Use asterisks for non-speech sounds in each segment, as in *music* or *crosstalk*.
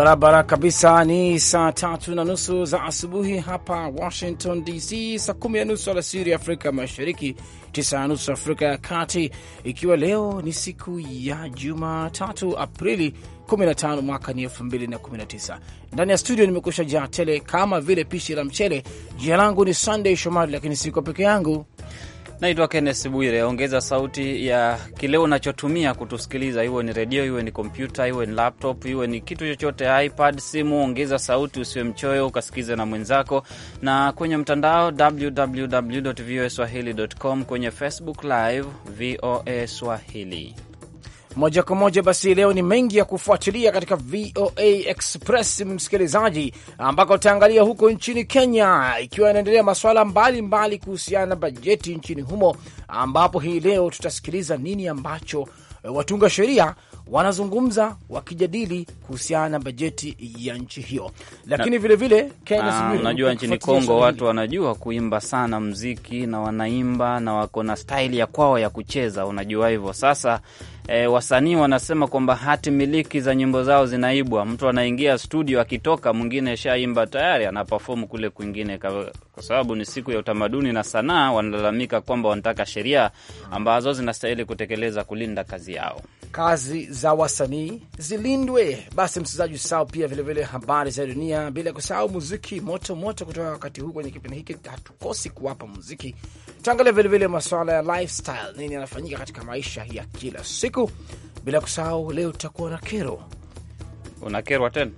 barabara kabisa. Ni saa tatu na nusu za asubuhi hapa Washington DC, saa kumi na nusu alasiri Afrika Mashariki, tisa na nusu Afrika ya Kati, ikiwa leo ni siku ya Jumatatu Aprili 15 mwaka ni 2019. Ndani ya studio nimekusha jaa tele kama vile pishi la mchele. Jina langu ni sandey Shomari, lakini siko peke yangu Naitwa Kennes Bwire. Ongeza sauti ya kile unachotumia kutusikiliza, iwe ni redio, iwe ni kompyuta, iwe ni laptop, iwe ni kitu chochote, iPad, simu. Ongeza sauti, usiwe mchoyo, ukasikize na mwenzako, na kwenye mtandao www voa swahili com, kwenye Facebook Live VOA Swahili moja kwa moja. Basi leo ni mengi ya kufuatilia katika VOA Express, msikilizaji, ambako utaangalia huko nchini Kenya, ikiwa inaendelea masuala mbalimbali kuhusiana na bajeti nchini humo, ambapo hii leo tutasikiliza nini ambacho eh, watunga sheria wanazungumza wakijadili kuhusiana na bajeti ya nchi hiyo, lakini vilevile ah, unajua, nchini Kongo watu wanajua kuimba sana mziki na wanaimba na wako na staili ya kwao ya kucheza, unajua hivyo sasa e, wasanii wanasema kwamba hati miliki za nyimbo zao zinaibwa. Mtu anaingia studio, akitoka mwingine shaimba tayari, anapafomu kule kwingine. Kwa sababu ni siku ya utamaduni na sanaa, wanalalamika kwamba wanataka sheria ambazo zinastahili kutekeleza kulinda kazi yao. Kazi za wasanii zilindwe. Basi msikilizaji, usahau pia vilevile habari za dunia, bila kusahau muziki moto moto kutoka wakati huu. Kwenye kipindi hiki hatukosi kuwapa muziki Tuangalia vilevile masuala ya lifestyle, nini yanafanyika katika maisha ya kila siku, bila kusahau leo tutakuwa na kero. Unakerwa tena?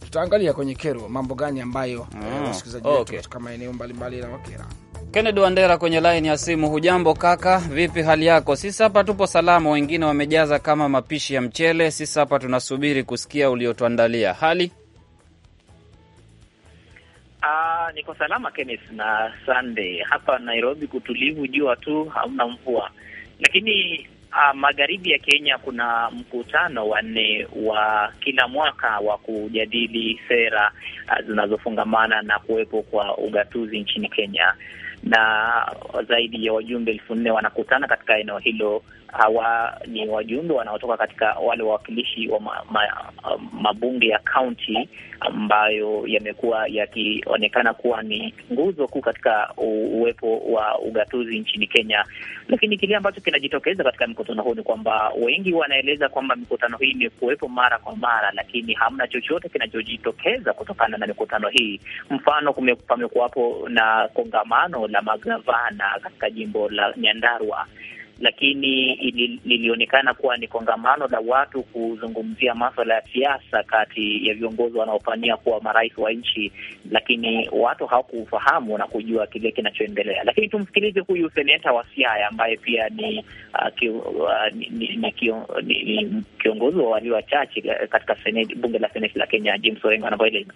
Tutaangalia kwenye kero mambo gani ambayo eh, mm. wasikilizaji wetu okay, katika maeneo mbalimbali na wakera. Kennedy Wandera kwenye laini ya simu. Hujambo kaka, vipi hali yako? Sisi hapa tupo salama, wengine wamejaza kama mapishi ya mchele. Sisi hapa tunasubiri kusikia uliotuandalia hali Aa, ah, niko salama Kenneth na Sunday. Hapa Nairobi kutulivu, jua tu, hamna mvua, lakini aa, ah, magharibi ya Kenya kuna mkutano wa nne wa kila mwaka wa kujadili sera ah, zinazofungamana na kuwepo kwa ugatuzi nchini Kenya, na zaidi ya wajumbe elfu nne wanakutana katika eneo hilo hawa ni wajumbe wanaotoka katika wale wawakilishi wa ma, ma, um, mabunge ya kaunti ambayo yamekuwa yakionekana kuwa ni nguzo kuu katika uwepo wa ugatuzi nchini Kenya. Lakini kile ambacho kinajitokeza katika mkutano huu ni kwamba wengi wanaeleza kwamba mikutano hii imekuwepo mara kwa mara, lakini hamna chochote kinachojitokeza kutokana na mikutano hii. Mfano, pamekuwapo na kongamano la magavana katika jimbo la Nyandarua lakini ili, lilionekana kuwa ni kongamano la watu kuzungumzia maswala ya siasa kati ya viongozi wanaofania kuwa marais wa nchi, lakini watu hawakufahamu na kujua kile kinachoendelea. Lakini tumsikilize huyu seneta wa Siaya ambaye pia ni uh, ki, uh, ni, ni, ni, ni, ni kiongozi wa walio wachache katika seneti, bunge la seneti la Kenya, James Orengo anavyoeleza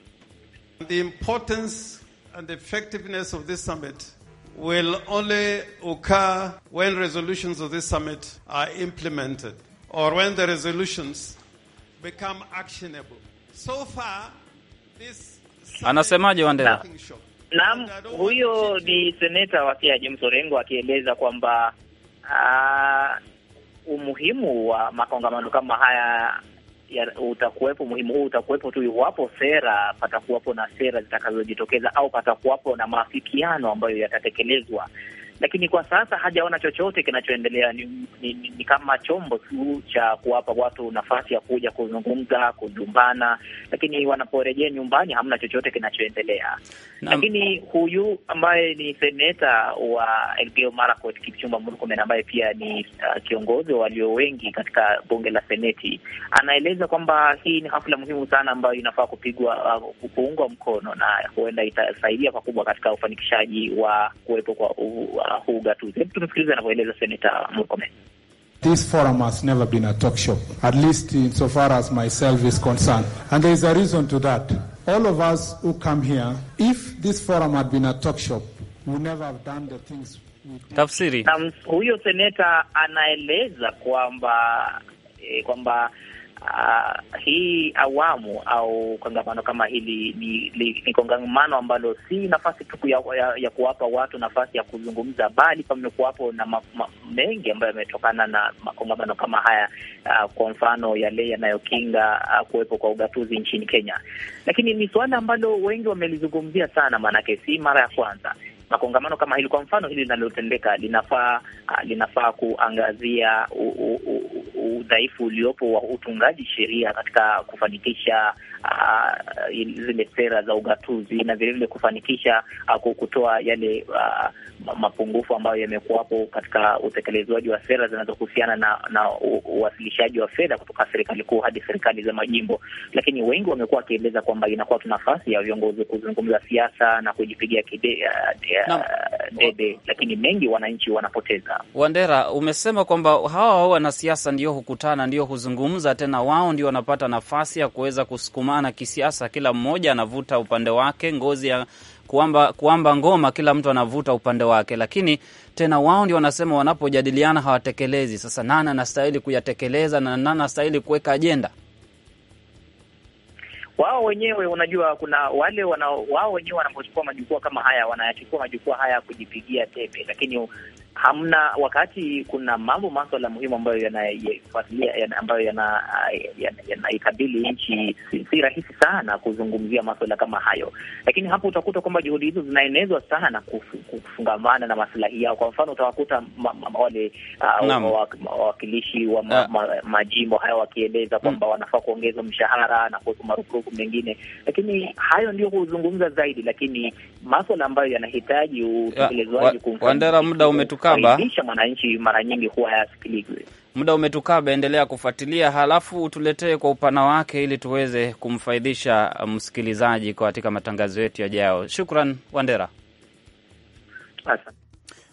the importance and effectiveness of this summit will only occur when resolutions of this summit are implemented or when the resolutions become actionable. So far, this anasemaje Wandera? Naam, huyo ni seneta wa Wasia James Orengo akieleza kwamba uh, umuhimu wa makongamano kama haya utakuwepo, muhimu huu utakuwepo tu iwapo sera, patakuwapo na sera zitakazojitokeza au patakuwapo na maafikiano ambayo yatatekelezwa lakini kwa sasa hajaona chochote kinachoendelea. Ni, ni, ni, ni kama chombo tu cha kuwapa watu nafasi ya kuja kuzungumza, kujumbana, lakini wanaporejea nyumbani hamna chochote kinachoendelea. Lakini huyu ambaye ni seneta wa Elgeyo Marakwet, Kipchumba Murkomen, ambaye pia ni uh, kiongozi wa walio wengi katika bunge la Seneti, anaeleza kwamba hii ni hafla muhimu sana ambayo inafaa kupigwa, uh, kuungwa mkono na huenda itasaidia pakubwa katika ufanikishaji wa kuwepo kwa uh, halafu ugatuzi. Hebu tumesikiliza anavyoeleza Seneta Murkomen. This forum has never been a talk show, at least in so far as myself is concerned. And there is a reason to that. All of us who come here, if this forum had been a talk show, we never have done the things we did. Tafsiri. Na huyo seneta anaeleza kwamba eh, kwamba uh, hii awamu au kongamano kama hili ni, ni, ni kongamano ambalo si nafasi tu ya, ya, ya kuwapa watu nafasi ya kuzungumza, bali pamekuwapo na ma, ma, mengi ambayo yametokana na makongamano kama haya uh, kwa mfano yale yanayokinga uh, kuwepo kwa ugatuzi nchini Kenya, lakini ni suala ambalo wengi wamelizungumzia sana, maanake si mara ya kwanza makongamano kama hili, kwa mfano hili linalotendeka linafaa ah, linafaa kuangazia udhaifu uliopo wa utungaji sheria katika kufanikisha uh, zile sera za ugatuzi na vilevile kufanikisha uh, kutoa yale uh, mapungufu ambayo yamekuwapo katika utekelezwaji wa sera zinazohusiana na, na uwasilishaji wa fedha kutoka serikali kuu hadi serikali za majimbo. Lakini wengi wamekuwa wakieleza kwamba inakuwa tu nafasi ya viongozi kuzungumza siasa na kujipigia kide, uh, uh debe, lakini mengi wananchi wanapoteza. Wandera, umesema kwamba hawa wanasiasa ndio hukutana, ndio huzungumza, tena wao ndio wanapata nafasi ya kuweza kusukuma maana kisiasa kila mmoja anavuta upande wake, ngozi ya kuamba, kuamba ngoma, kila mtu anavuta upande wake, lakini tena wao ndio wanasema wanapojadiliana hawatekelezi. Sasa nani anastahili kuyatekeleza na nani anastahili kuweka ajenda? Wao wenyewe unajua, kuna wale wana, wao wenyewe wanapochukua majukwaa kama haya wanayachukua majukwaa haya kujipigia tebe, lakini hamna wakati kuna mambo maswala muhimu ambayo yanafuatilia ambayo yanaikabili yana, yana nchi, si, si rahisi sana kuzungumzia maswala kama hayo, lakini hapo utakuta kwamba juhudi hizo zinaenezwa sana kufungamana na maslahi yao. Kwa mfano utawakuta wale uh, wawakilishi wa ma, ah. ma, majimbo haya wakieleza mm. kwamba wanafaa kuongeza mshahara na kuhusu marufurufu mengine, lakini hayo ndio kuzungumza zaidi, lakini maswala ambayo yanahitaji utekelezwaji. Wandera, muda umetuka umetukaba, mwananchi mara nyingi huwa hayasikilizwi. Muda umetukaba, endelea kufuatilia halafu utuletee kwa upana wake, ili tuweze kumfaidhisha msikilizaji katika matangazo yetu yajao. Shukran Wandera.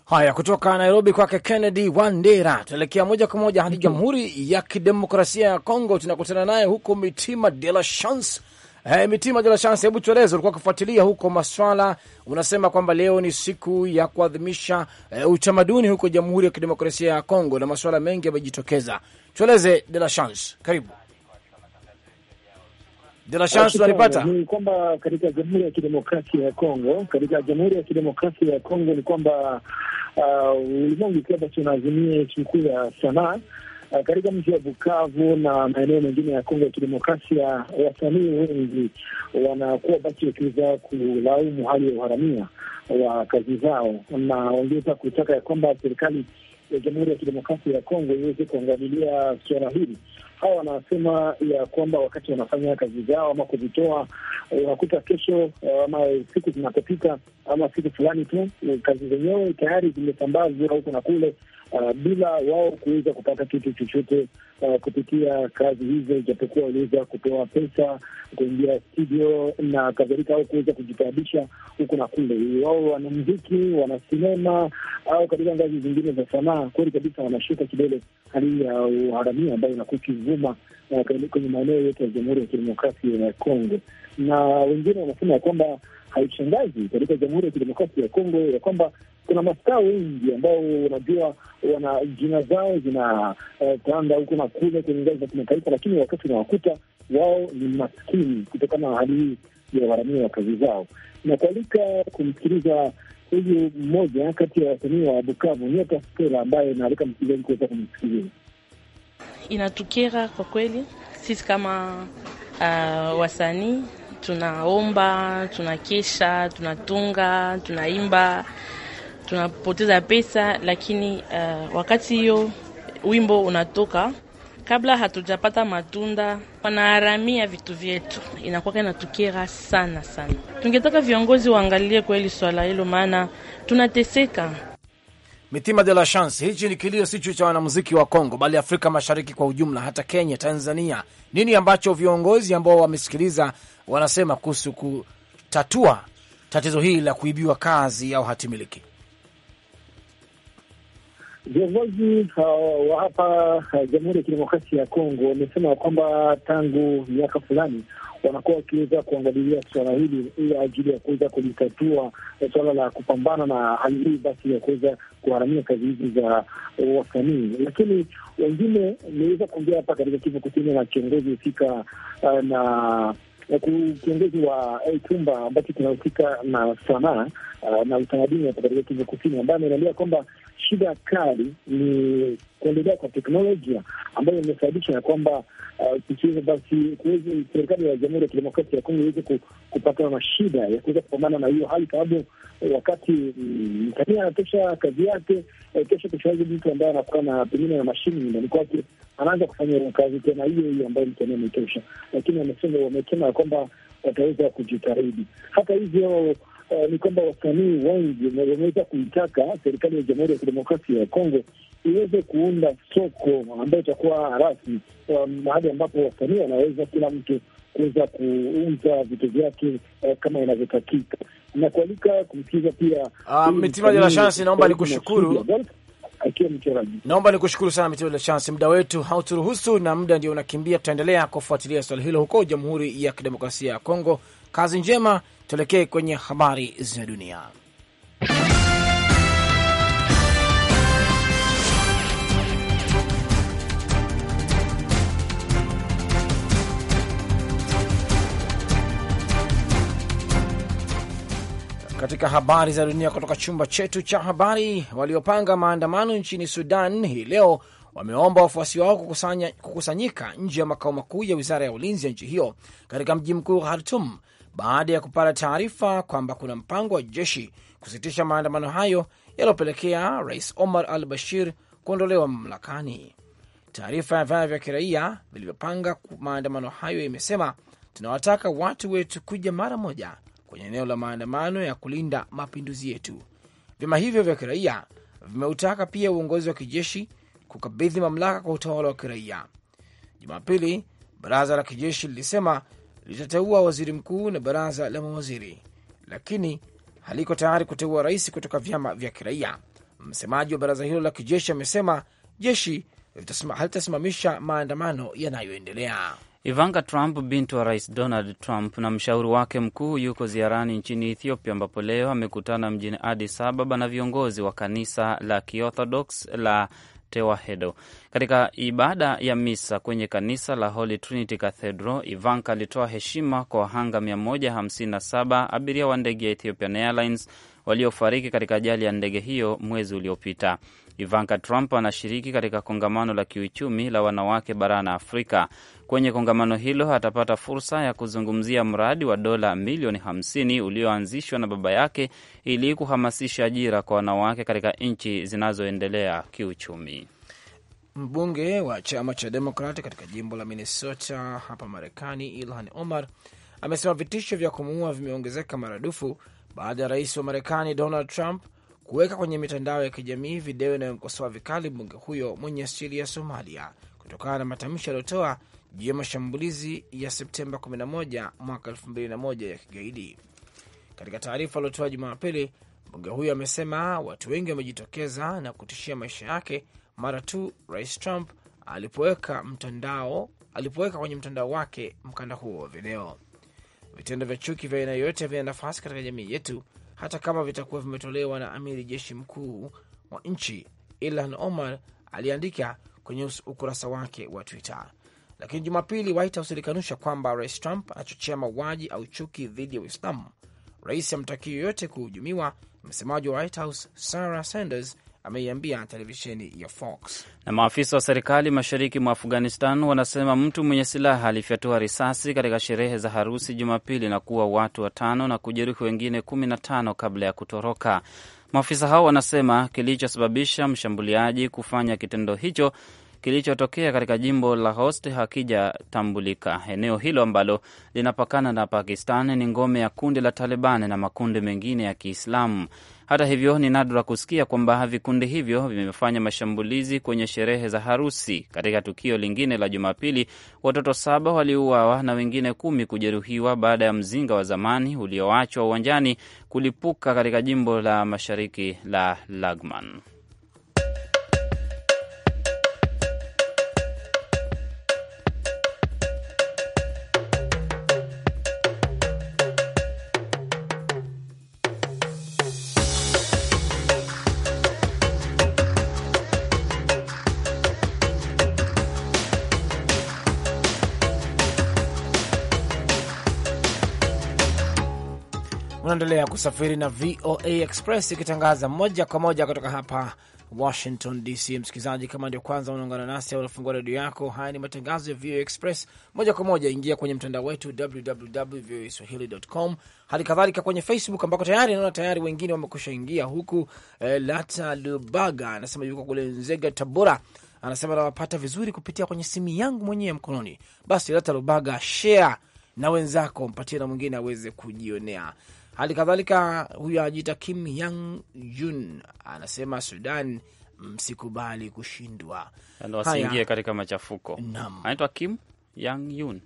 Haya, kutoka Nairobi kwake Kennedy Wandera. Tunaelekea moja kwa moja hadi mm-hmm. Jamhuri ya Kidemokrasia ya Kongo, tunakutana naye huko Mitima de la Chance Hey, eh, Mitima La Chance, hebu tueleze, ulikuwa ukifuatilia huko maswala, unasema kwamba leo ni siku ya kuadhimisha uh, utamaduni huko Jamhuri ya Kidemokrasia ya Kongo na maswala mengi yamejitokeza. Tueleze De La Chance, karibu. De La Chance, unanipata? Ni kwamba katika Jamhuri ya Kidemokrasia ya Kongo, katika Jamhuri ya Kidemokrasia ya Kongo ni kwamba uh, ulimwengu uh, basi unaazimia sikukuu ya sanaa uh, katika mji wa Bukavu na maeneo mengine ya Kongo ya Kidemokrasia, wasanii wengi wanakuwa basi wakiweza kulaumu hali ya uharamia wa kazi zao, na wangeweza kutaka ya kwamba serikali ya Jamhuri ya Kidemokrasia ya Kongo iweze kuangalilia suala hili. Hawa wanasema ya kwamba wakati wanafanya kazi zao ama kuzitoa, unakuta kesho eh, ama siku zinapopita ama siku fulani tu eh, kazi zenyewe tayari zimesambazwa huko na kule uh, bila wao kuweza kupata kitu chochote uh, kupitia kazi hizo, ijapokuwa waliweza kutoa pesa kuingia studio na kadhalika, au kuweza kujitaabisha huku na kule. Wao wana mziki, wana sinema au katika ngazi zingine za sanaa, kweli kabisa wanashuka kidole hali ya uharamia ambayo inakuwa ikivuma uh, kwenye maeneo yote ya Jamhuri ya Kidemokrasia ya Kongo, na wengine wanasema ya kwamba haishangazi katika Jamhuri ya Kidemokrasia ya Kongo ya kwamba kuna mastaa wengi ambao unajua wana jina zao zinatanda eh, uh, huko na kule kwenye ngazi za kimataifa, lakini wakati unawakuta wao ni maskini kutokana na hali hii ya waramia wa kazi zao, na kualika kumsikiliza huyu mmoja kati ya wasanii wa Bukavu, Nyota Stela, ambaye naalika msikilizaji kuweza kumsikiliza. Inatukera kwa kweli, sisi kama uh, wasanii tunaomba, tunakesha, tunatunga, tunaimba tunapoteza pesa, lakini uh, wakati hiyo wimbo unatoka kabla hatujapata matunda, wanaharamia vitu vyetu, inakuwa inatukera sana sana. Tungetaka viongozi waangalie kweli swala hilo, maana tunateseka. Mitima de la Chance, hichi ni kilio sicho cha wanamuziki wa Kongo, bali Afrika Mashariki kwa ujumla, hata Kenya, Tanzania. Nini ambacho viongozi ambao wamesikiliza wanasema kuhusu kutatua tatizo hili la kuibiwa kazi au hatimiliki? Viongozi uh, wa hapa uh, Jamhuri ya Kidemokrasia ya Kongo wamesema kwamba tangu miaka fulani wanakuwa wakiweza kuangalilia suala hili ili ajili ya kuweza kulitatua eh, suala la kupambana na hali hii, basi ya kuweza kuharamia kazi hizi za wasanii. Lakini wengine imeweza kuongea hapa katika Kivu Kusini na kiongozi husika uh, na kiongozi wa eh, chumba ambacho kinahusika na sanaa uh, na utamaduni hapa katika Kivu Kusini, ambaye ameelelea kwamba shida kali ni kuendelea kwa teknolojia ambayo imesababisha ya kwamba uh, ikiweza basi serikali ya Jamhuri ya Kidemokrasia ya Kongo iweze kupatana na shida ya kuweza kupambana na hiyo hali, sababu eh, wakati mm, msanii anatosha kazi yake, eh, kesho kushaji mtu ambaye anakuwa na pengine na mashini nyumbani kwake anaanza kufanya kazi tena hiyo hiyo ambayo msanii ametosha, lakini wamesema ya kwamba wataweza kujitahidi. Hata hivyo ni kwamba wasanii wengi wameweza kuitaka serikali ya Jamhuri ya Kidemokrasia ya Kongo iweze kuunda soko ambayo itakuwa rasmi, mahali ambapo wasanii wanaweza kila mtu kuweza kuuza vitu vyake eh, kama inavyotakika na kualika kumsikiza pia. Ah, Mitima de la Chance, naomba nikushukuru naomba kushukuru sana Mitima de la Chance. Muda wetu hauturuhusu na muda ndio unakimbia. Tutaendelea kufuatilia swala hilo huko Jamhuri ya Kidemokrasia ya Kongo. Kazi njema Tuelekee kwenye habari za dunia. Katika habari za dunia kutoka chumba chetu cha habari, waliopanga maandamano nchini Sudan hii leo wameomba wafuasi wao kukusanya, kukusanyika nje ya makao makuu ya wizara ya ulinzi ya nchi hiyo katika mji mkuu Khartum baada ya kupata taarifa kwamba kuna mpango wa jeshi kusitisha maandamano hayo yaliyopelekea rais Omar al Bashir kuondolewa mamlakani. Taarifa ya vyama vya kiraia vilivyopanga maandamano hayo imesema, tunawataka watu wetu kuja mara moja kwenye eneo la maandamano ya kulinda mapinduzi yetu. Vyama hivyo vya kiraia vimeutaka pia uongozi wa kijeshi kukabidhi mamlaka kwa utawala wa kiraia. Jumapili, baraza la kijeshi lilisema litateua waziri mkuu na baraza la mawaziri, lakini haliko tayari kuteua rais kutoka vyama vya kiraia. Msemaji wa baraza hilo la kijeshi amesema jeshi halitasimamisha maandamano yanayoendelea. Ivanka Trump, binti wa rais Donald Trump, na mshauri wake mkuu yuko ziarani nchini Ethiopia, ambapo leo amekutana mjini Addis Ababa na viongozi wa kanisa la Kiorthodox la Tewahedo. Katika ibada ya misa kwenye kanisa la Holy Trinity Cathedral, Ivanka alitoa heshima kwa wahanga 157 abiria wa ndege ya Ethiopian Airlines waliofariki katika ajali ya ndege hiyo mwezi uliopita. Ivanka Trump anashiriki katika kongamano la kiuchumi la wanawake barani Afrika. Kwenye kongamano hilo atapata fursa ya kuzungumzia mradi wa dola milioni 50 ulioanzishwa na baba yake ili kuhamasisha ajira kwa wanawake katika nchi zinazoendelea kiuchumi. Mbunge wa chama cha demokrat katika jimbo la Minnesota hapa Marekani, Ilhan Omar amesema vitisho vya kumuua vimeongezeka maradufu baada ya rais wa Marekani Donald Trump kuweka kwenye mitandao ya kijamii video inayomkosoa vikali mbunge huyo mwenye asili ya Somalia kutokana na matamshi aliyotoa juu ya mashambulizi ya Septemba 11 mwaka 2001 ya kigaidi. Katika taarifa aliotoa Jumapili, mbunge huyo amesema watu wengi wamejitokeza na kutishia maisha yake mara tu Rais Trump alipoweka mtandao alipoweka kwenye mtandao wake mkanda huo wa video. Vitendo vya chuki vya aina yoyote vina nafasi katika jamii yetu, hata kama vitakuwa vimetolewa na amiri jeshi mkuu wa nchi. Ilhan Omar aliandika kwenye ukurasa wake wa Twitter. Lakini Jumapili, White House ilikanusha kwamba Rais Trump anachochea mauaji au chuki dhidi ya Uislamu. Rais hamtakii yoyote kuhujumiwa, msemaji wa White House Sarah Sanders ameiambia televisheni ya Fox. Na maafisa wa serikali mashariki mwa Afghanistan wanasema mtu mwenye silaha alifyatua risasi katika sherehe za harusi Jumapili na kuua watu watano na kujeruhi wengine kumi na tano kabla ya kutoroka. Maafisa hao wanasema kilichosababisha mshambuliaji kufanya kitendo hicho kilichotokea katika jimbo la Host hakijatambulika. Eneo hilo ambalo linapakana na Pakistan ni ngome ya kundi la Taliban na makundi mengine ya Kiislamu. Hata hivyo, ni nadra kusikia kwamba vikundi hivyo vimefanya mashambulizi kwenye sherehe za harusi. Katika tukio lingine la Jumapili, watoto saba waliuawa na wengine kumi kujeruhiwa baada ya mzinga wa zamani ulioachwa uwanjani kulipuka katika jimbo la mashariki la Lagman. Unaendelea kusafiri na VOA Express ikitangaza moja kwa moja kutoka hapa Washington DC. Msikilizaji, kama ndio kwanza unaungana nasi au unafungua redio yako, haya ni matangazo ya VOA Express moja kwa moja. Ingia kwenye mtandao wetu www.voaswahili.com, hali kadhalika kwenye Facebook ambako tayari naona tayari wengine wamekusha ingia huku. Eh, Lata Lubaga anasema yuko kule Nzega, Tabora, anasema nawapata vizuri kupitia kwenye simu yangu mwenyewe ya mkononi. Basi Lata Lubaga, share na wenzako, mpatie na mwingine aweze kujionea. Hali kadhalika huyo anajiita Kim Yang Yun anasema Sudan msikubali kushindwa, wasiingie katika machafuko. anaitwa Kim Yang Yun,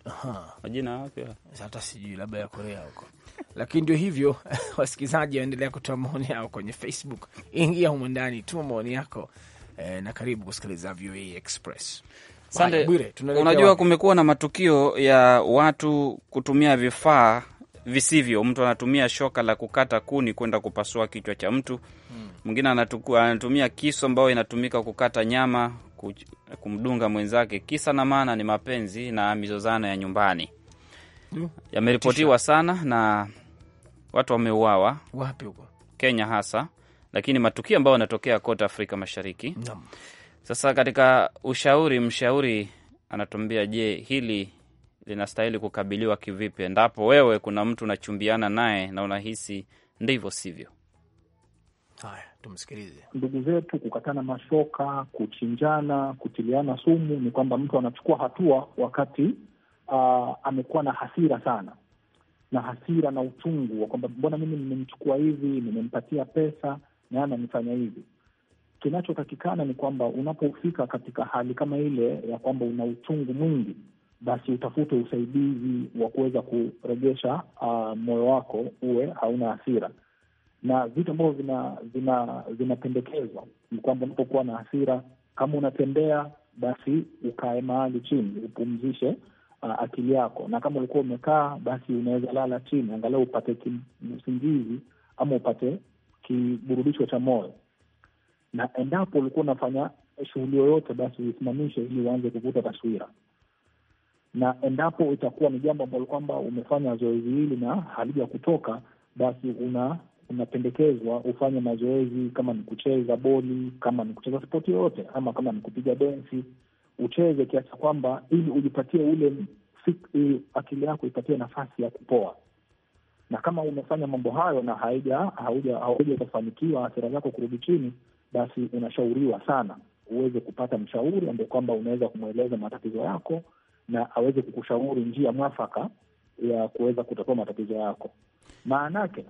majina yapi hata sijui, labda ya Korea huko *laughs* lakini ndio hivyo. *laughs* Wasikilizaji waendelea kutoa maoni yao kwenye Facebook. Ingia humo ndani, tuma maoni yako eh, na karibu kusikiliza VOA Express. Sande, unajua kumekuwa na matukio ya watu kutumia vifaa visivyo. Mtu anatumia shoka la kukata kuni kwenda kupasua kichwa cha mtu hmm. mwingine, hmm. anatumia kisu ambayo inatumika kukata nyama kumdunga mwenzake. Kisa na maana ni mapenzi na mizozano ya nyumbani hmm. Yameripotiwa sana na watu wameuawa wapi huko Kenya hasa, lakini matukio ambayo yanatokea kote Afrika Mashariki hmm. Sasa katika ushauri, mshauri anatuambia, je, hili linastahili kukabiliwa kivipi, endapo wewe kuna mtu unachumbiana naye na unahisi ndivyo sivyo? Haya, tumsikilize. Ndugu zetu kukatana mashoka, kuchinjana, kutiliana sumu ni kwamba mtu anachukua hatua wakati uh, amekuwa na hasira sana na hasira na uchungu wa kwamba mbona mimi nimemchukua hivi, nimempatia pesa na ananifanya hivi. Kinachotakikana ni kwamba unapofika katika hali kama ile ya kwamba una uchungu mwingi basi utafute usaidizi wa kuweza kuregesha uh, ah, moyo wako uwe hauna hasira. Na vitu ambavyo vinapendekezwa ni kwamba unapokuwa na hasira, kama unatembea, basi ukae mahali chini, upumzishe uh, akili yako, na kama ulikuwa umekaa, basi unaweza lala chini, angalau upate kimsingizi ama upate kiburudisho cha moyo. Na endapo ulikuwa unafanya shughuli yoyote, basi uisimamishe ili uanze kuvuta taswira na endapo itakuwa ni jambo ambalo kwamba umefanya zoezi hili na halija kutoka, basi una unapendekezwa ufanye mazoezi, kama ni kucheza boli, kama ni kucheza spoti yoyote, ama kama ni kupiga densi, ucheze kiasi cha kwamba ili ujipatie ule akili yako ipatie nafasi ya kupoa. Na kama umefanya mambo hayo na hauja ukafanikiwa asira zako kurudi chini, basi unashauriwa sana uweze kupata mshauri ambaye kwamba unaweza kumweleza matatizo yako na aweze kukushauri njia mwafaka ya kuweza kutatua matatizo yako. Maanake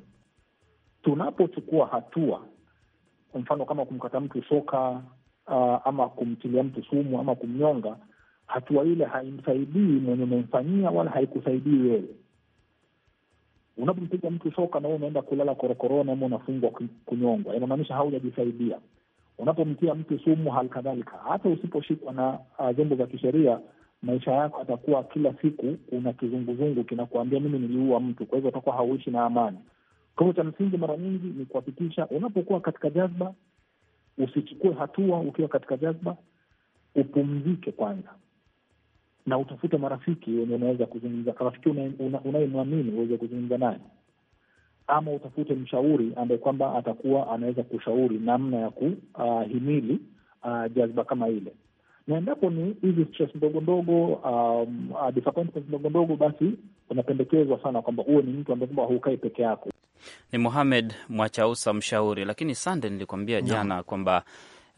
tunapochukua hatua, kwa mfano kama kumkata mtu soka uh, ama kumtilia mtu sumu ama kumnyonga, hatua ile haimsaidii mwenye umemfanyia wala haikusaidii wewe. Unapompiga mtu soka na wewe unaenda kulala korokorona ama unafungwa kunyongwa, inamaanisha haujajisaidia. Unapomtia mtu sumu, hali kadhalika, hata usiposhikwa na ah, vyombo uh, vya kisheria maisha yako atakuwa kila siku kuna kizunguzungu kinakuambia mimi niliua mtu, kwa hivyo utakuwa hauishi na amani. Kwa hivyo cha msingi mara nyingi ni kuhakikisha unapokuwa katika jazba, usichukue hatua ukiwa katika jazba, upumzike kwanza na utafute marafiki wenye unaweza kuzungumza, rafiki unayemwamini una, uweze kuzungumza naye, ama utafute mshauri ambaye kwamba atakuwa anaweza kushauri namna ya kuhimili uh, ah, uh, jazba kama ile na endapo ni hizi stress ndogo ndogo, um, uh, disappointment ndogo ndogo, basi unapendekezwa sana kwamba uwe ni mtu ambaye kwamba haukai peke yako. Ni Mohamed Mwachausa, mshauri. Lakini Sande, nilikwambia no. jana kwamba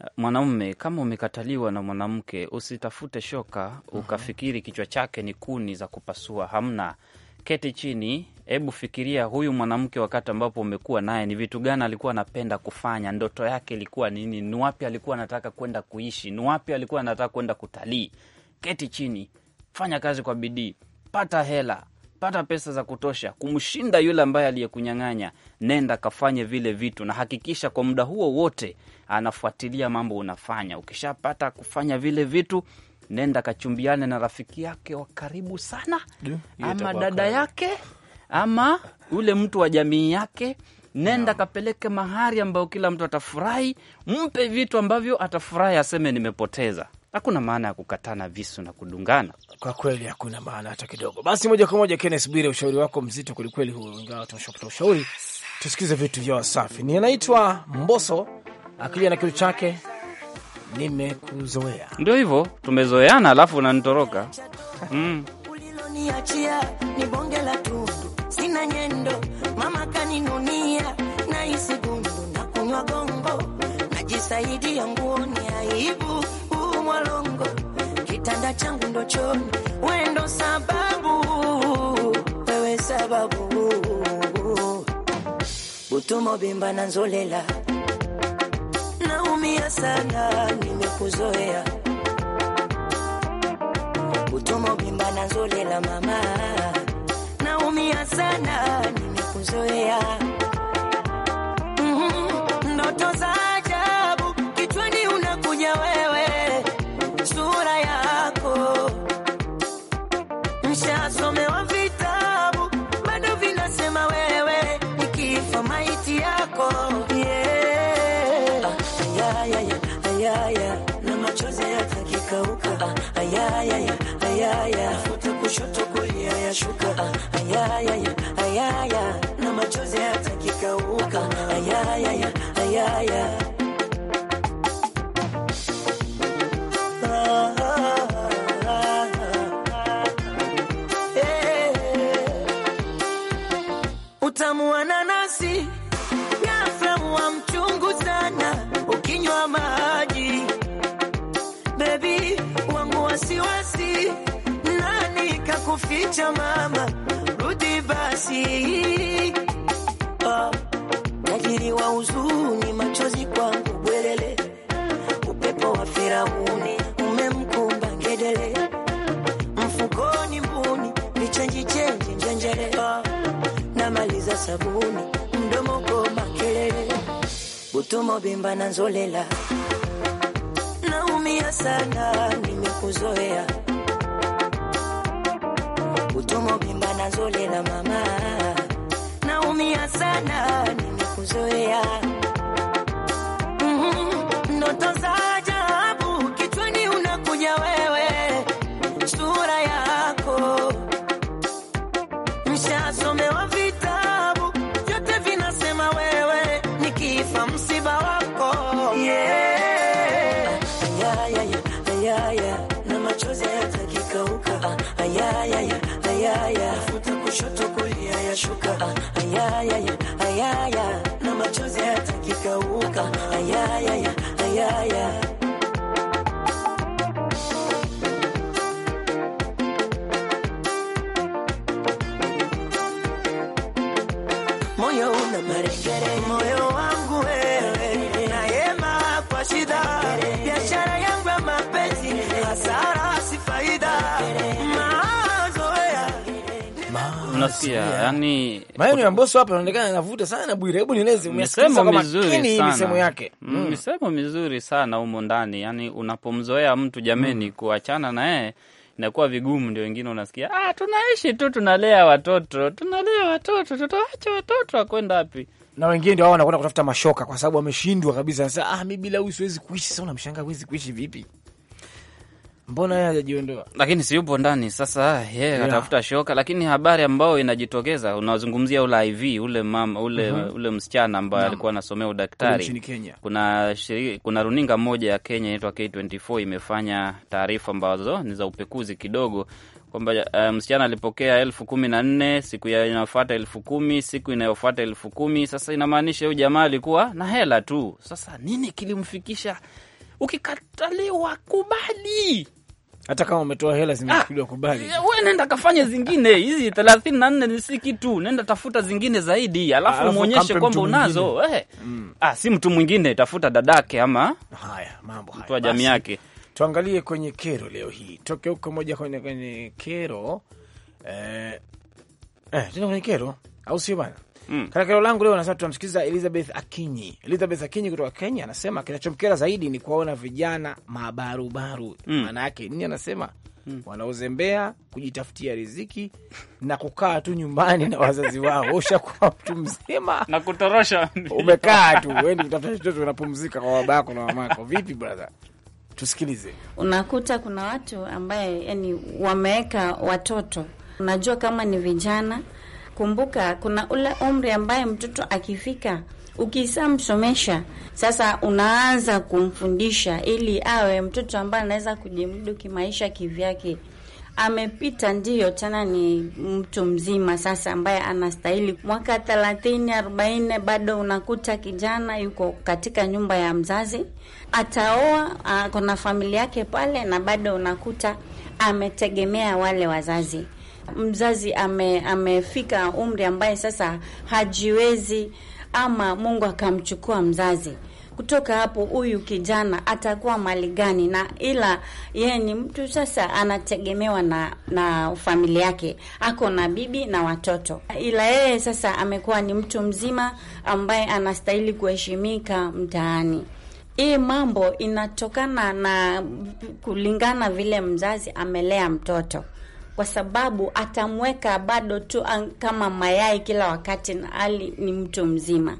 uh, mwanaume kama umekataliwa na mwanamke usitafute shoka ukafikiri kichwa chake ni kuni za kupasua, hamna keti chini, hebu fikiria huyu mwanamke, wakati ambapo umekuwa naye, ni vitu gani alikuwa anapenda kufanya? Ndoto yake ilikuwa nini? Ni wapi alikuwa anataka kwenda kuishi? Ni wapi alikuwa anataka kwenda kutalii? Keti chini, fanya kazi kwa bidii, pata hela pata pesa za kutosha kumshinda yule ambaye aliyekunyang'anya. Nenda kafanye vile vitu, na hakikisha kwa muda huo wote anafuatilia mambo unafanya. Ukishapata kufanya vile vitu, nenda kachumbiane na rafiki yake wa karibu sana yeah, ama dada yake ama yule mtu wa jamii yake nenda no. Kapeleke mahari ambayo kila mtu atafurahi, mpe vitu ambavyo atafurahi, aseme nimepoteza. Hakuna maana ya kukatana visu na kudungana, kwa kweli hakuna maana hata kidogo. Basi moja kwa moja, Kennes Bwire, ushauri wako mzito kwelikweli huo, ingawa tumeshapata ushauri, tusikize vitu vya Wasafi. Ni anaitwa Mboso akija na kitu chake nimekuzoea. Ndio hivyo, tumezoeana, alafu unanitoroka mm. uliloniachia ni bonge la tu, sina nyendo, mama kaninunia na isigundu na kunywa gongo, najisaidia nguoni, aibu umwalongo, kitanda changu ndo choni, wendo sababu wewe sababu butumo bimba na nzolela Umeumia sana, nimekuzoea utoma ubimba na zole la mama cha mama, rudi basi. Oh, tajiri wa huzuni, machozi kwangu bwelele, upepo wa Firauni umemkumba ngedele, mfukoni mbuni vichenji chenji njenjere. Oh, namaliza sabuni, mdomo koma kelele, butumo bimba na nzolela, naumia sana, nimekuzoea tole la mama, naumia sana, nimekuzoea yashuka ayayaya ayaya na machozi hatakikauka ayayaya ayaya unasikia yani maneno ya Mbosso hapa yanaonekana yanavuta sana Bwire, hebu nieleze, umesikia kwa makini misemo yake mm, mm. misemo mizuri sana humo ndani, yani unapomzoea mtu jameni, mm. kuachana na yeye inakuwa vigumu, ndio wengine unasikia ah, tunaishi tu, tunalea watoto, tunalea watoto, tutawacha watoto wakwenda wapi? na wengine ndio hao wanakwenda kutafuta mashoka kwa sababu wameshindwa kabisa. Sasa ah, mi bila huyu siwezi kuishi. Sasa unamshangaa, huwezi kuishi vipi? Mbona yeye hajajiondoa? Lakini si yupo ndani sasa, yeye yeah, yeah, atafuta shoka. Lakini habari ambayo inajitokeza, unazungumzia ule IV ule mama ule, mm -hmm. ule msichana ambaye no, alikuwa anasomea udaktari nchini Kenya. Kuna shiri, kuna runinga moja ya Kenya inaitwa K24 imefanya taarifa ambazo ni za upekuzi kidogo kwamba uh, msichana alipokea elfu kumi na nne siku inayofuata elfu kumi siku inayofuata elfu kumi Sasa inamaanisha huyu jamaa alikuwa na hela tu. Sasa nini kilimfikisha? Ukikataliwa kubali hata kama umetoa hela zimepigwa ah, kubali. Wewe nenda kafanye zingine hizi 34 si kitu, nenda tafuta zingine zaidi, alafu muonyeshe kwamba unazo eh. Mm. Ah, si mtu mwingine, tafuta dadake ama haya mambo haya. jamii yake. Tuangalie kwenye kero leo hii. Toke huko moja kwenye kwenye kero. Eh, eh, tuna kwenye kero au sio bana? Mm. Katika kero langu leo nasema tunamsikiliza Elizabeth Akinyi. Elizabeth Akinyi kutoka Kenya anasema kinachomkera zaidi ni kuwaona vijana mabarubaru. Mm. Maana yake nini anasema? Mm. Wanaozembea kujitafutia riziki na kukaa tu nyumbani na wazazi wao. *laughs* Ushakuwa mtu mzima na kutorosha, umekaa tu wewe, kutafuta chochote, unapumzika kwa baba na mama Vipi brother? Tusikilize. Unakuta kuna watu ambaye yani wameweka watoto, unajua kama ni vijana Kumbuka kuna ule umri ambaye mtoto akifika ukisamsomesha sasa, unaanza kumfundisha ili awe mtoto ambaye anaweza kujimudu kimaisha kivyake. Amepita ndiyo, tena ni mtu mzima sasa, ambaye anastahili mwaka thelathini arobaini, bado unakuta kijana yuko katika nyumba ya mzazi, ataoa ako na familia yake pale, na bado unakuta ametegemea wale wazazi mzazi ame, amefika umri ambaye sasa hajiwezi ama Mungu akamchukua mzazi kutoka hapo, huyu kijana atakuwa mali gani? Na ila ye ni mtu sasa anategemewa na na familia yake, ako na bibi na watoto, ila yeye sasa amekuwa ni mtu mzima ambaye anastahili kuheshimika mtaani. Hii mambo inatokana na kulingana vile mzazi amelea mtoto kwa sababu atamweka bado tu kama mayai kila wakati, na hali ni mtu mzima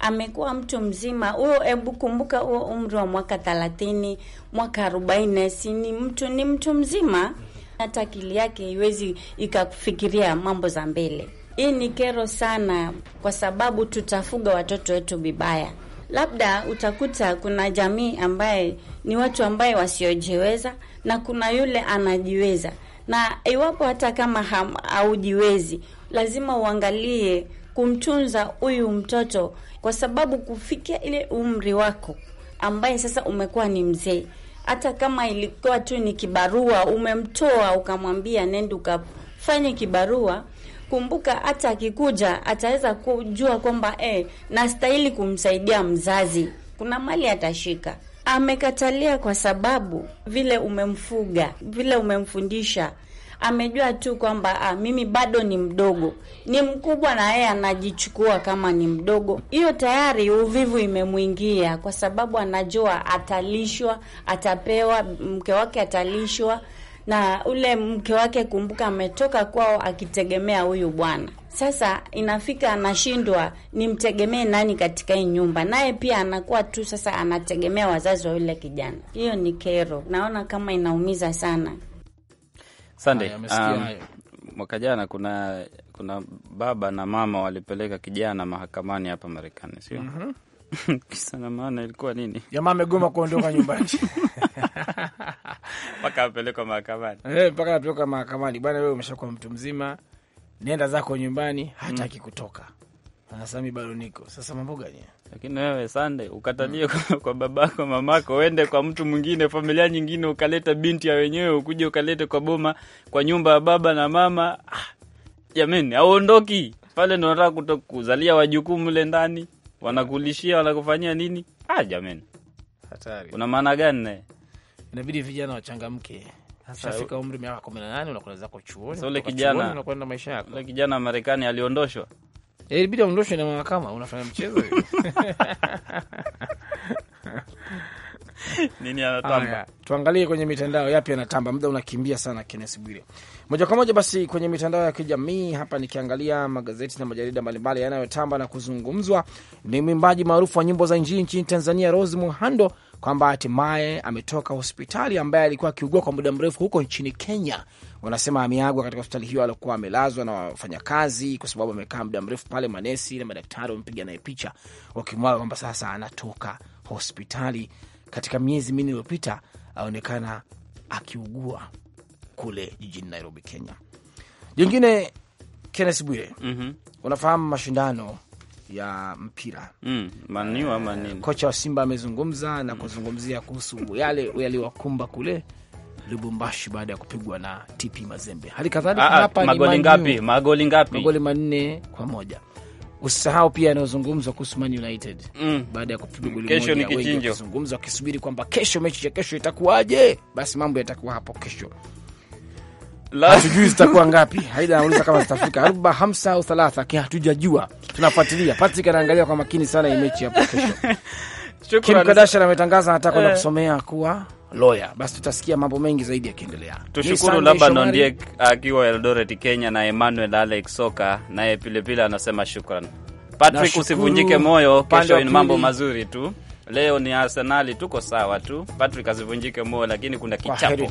amekuwa mtu mzima huyo. Hebu kumbuka huo umri wa mwaka thelathini, mwaka arobaini, si ni mtu ni mtu mzima, hata akili yake iwezi ikafikiria mambo za mbele. Hii ni kero sana, kwa sababu tutafuga watoto wetu vibaya. Labda utakuta kuna jamii ambaye ni watu ambaye wasiojiweza na kuna yule anajiweza na iwapo hata kama haujiwezi, lazima uangalie kumtunza huyu mtoto, kwa sababu kufikia ile umri wako ambaye sasa umekuwa ni mzee, hata kama ilikuwa tu ni kibarua, umemtoa ukamwambia nenda ukafanye kibarua Kumbuka hata akikuja ataweza kujua kwamba eh, nastahili kumsaidia mzazi, kuna mali atashika. Amekatalia kwa sababu vile umemfuga, vile umemfundisha, amejua tu kwamba ah, mimi bado ni mdogo, ni mkubwa na yeye anajichukua kama ni mdogo. Hiyo tayari uvivu imemwingia, kwa sababu anajua atalishwa, atapewa, mke wake atalishwa na ule mke wake, kumbuka, ametoka kwao akitegemea huyu bwana. Sasa inafika anashindwa nimtegemee nani katika hii nyumba, naye pia anakuwa tu sasa anategemea wazazi wa yule kijana. Hiyo ni kero, naona kama inaumiza sana. Sunday, um, mwaka jana kuna kuna baba na mama walipeleka kijana mahakamani hapa Marekani, sio? mm -hmm. *laughs* Kisa na maana ilikuwa nini? Jamaa amegoma kuondoka nyumbani *laughs* mpaka apelekwa mahakamani, eh, mpaka apelekwa mahakamani. Bwana wewe umeshakuwa mtu mzima, nenda zako nyumbani. Hataki mm. kutoka, anasema mimi bado niko. Sasa mambo gani? Lakini wewe Sande ukatalie mm. *laughs* kwa babako mamako, uende kwa mtu mwingine, familia nyingine, ukaleta binti ya wenyewe, ukuje ukalete kwa boma, kwa nyumba ya baba na mama. Ah, jamani, auondoki pale, ndo nataka kuzalia wajukuu mle ndani wanakulishia wanakufanyia nini? Ah, jamani, hatari. Una maana gani naye? Inabidi vijana wachangamke. Shafika umri miaka kumi na nane unakwenda zako chuoni. Ule kijana unakwenda maisha yako. Ule kijana Marekani aliondoshwa, eh, ilibidi aondoshwe na mahakama. Unafanya mchezo *laughs* *laughs* nini anatamba. Tuangalie kwenye mitandao yapi anatamba, muda unakimbia sana. Kenneth Bwire, moja kwa moja basi kwenye mitandao ya kijamii hapa, nikiangalia magazeti na majarida mbalimbali yanayotamba na kuzungumzwa, ni mwimbaji maarufu wa nyimbo za Injili nchini Tanzania Rose Muhando kwamba hatimaye ametoka hospitali ambaye alikuwa akiugua kwa muda mrefu huko nchini Kenya. Wanasema ameagwa katika hospitali hiyo aliokuwa amelazwa na wafanyakazi, kwa sababu amekaa muda mrefu pale. Manesi na madaktari wamepiga naye picha wakimwaga kwamba sasa anatoka hospitali katika miezi minne iliyopita aonekana akiugua kule jijini Nairobi, Kenya. Jingine, Kennes Bwire, mm -hmm. unafahamu mashindano ya mpira mm, eh, Kocha wa Simba amezungumza na kuzungumzia kuhusu yale yaliwakumba kule Lubumbashi baada ya kupigwa na TP Mazembe. Hali kadhalika ah, ah, hapa magoli ngapi? Magoli manne kwa moja. Usisahau pia yanayozungumzwa kuhusu Man United mm. baada ya kupigwa goli moja, wengi wakizungumza wakisubiri kwamba kesho, mechi ya kesho itakuwaje? Basi mambo yatakuwa hapo kesho, hatujui zitakuwa ngapi. Haida anauliza kama zitafika hamsa au thalatha, hatujajua, tunafuatilia. Patrick anaangalia kwa makini sana hii mechi hapo kesho. *laughs* Kim Kardashian ametangaza anataka kwenda eh. kusomea kuwa Lawyer. Basi tutasikia mambo mengi zaidi yakiendelea. Tushukuru Laban Ondiek akiwa Eldoret, Kenya, na Emmanuel Alex Soka naye pilepile anasema shukran. Patrick, usivunjike moyo, kesho ni mambo mazuri tu. Leo ni Arsenali, tuko sawa tu. Patrick asivunjike moyo, lakini kuna kichapo.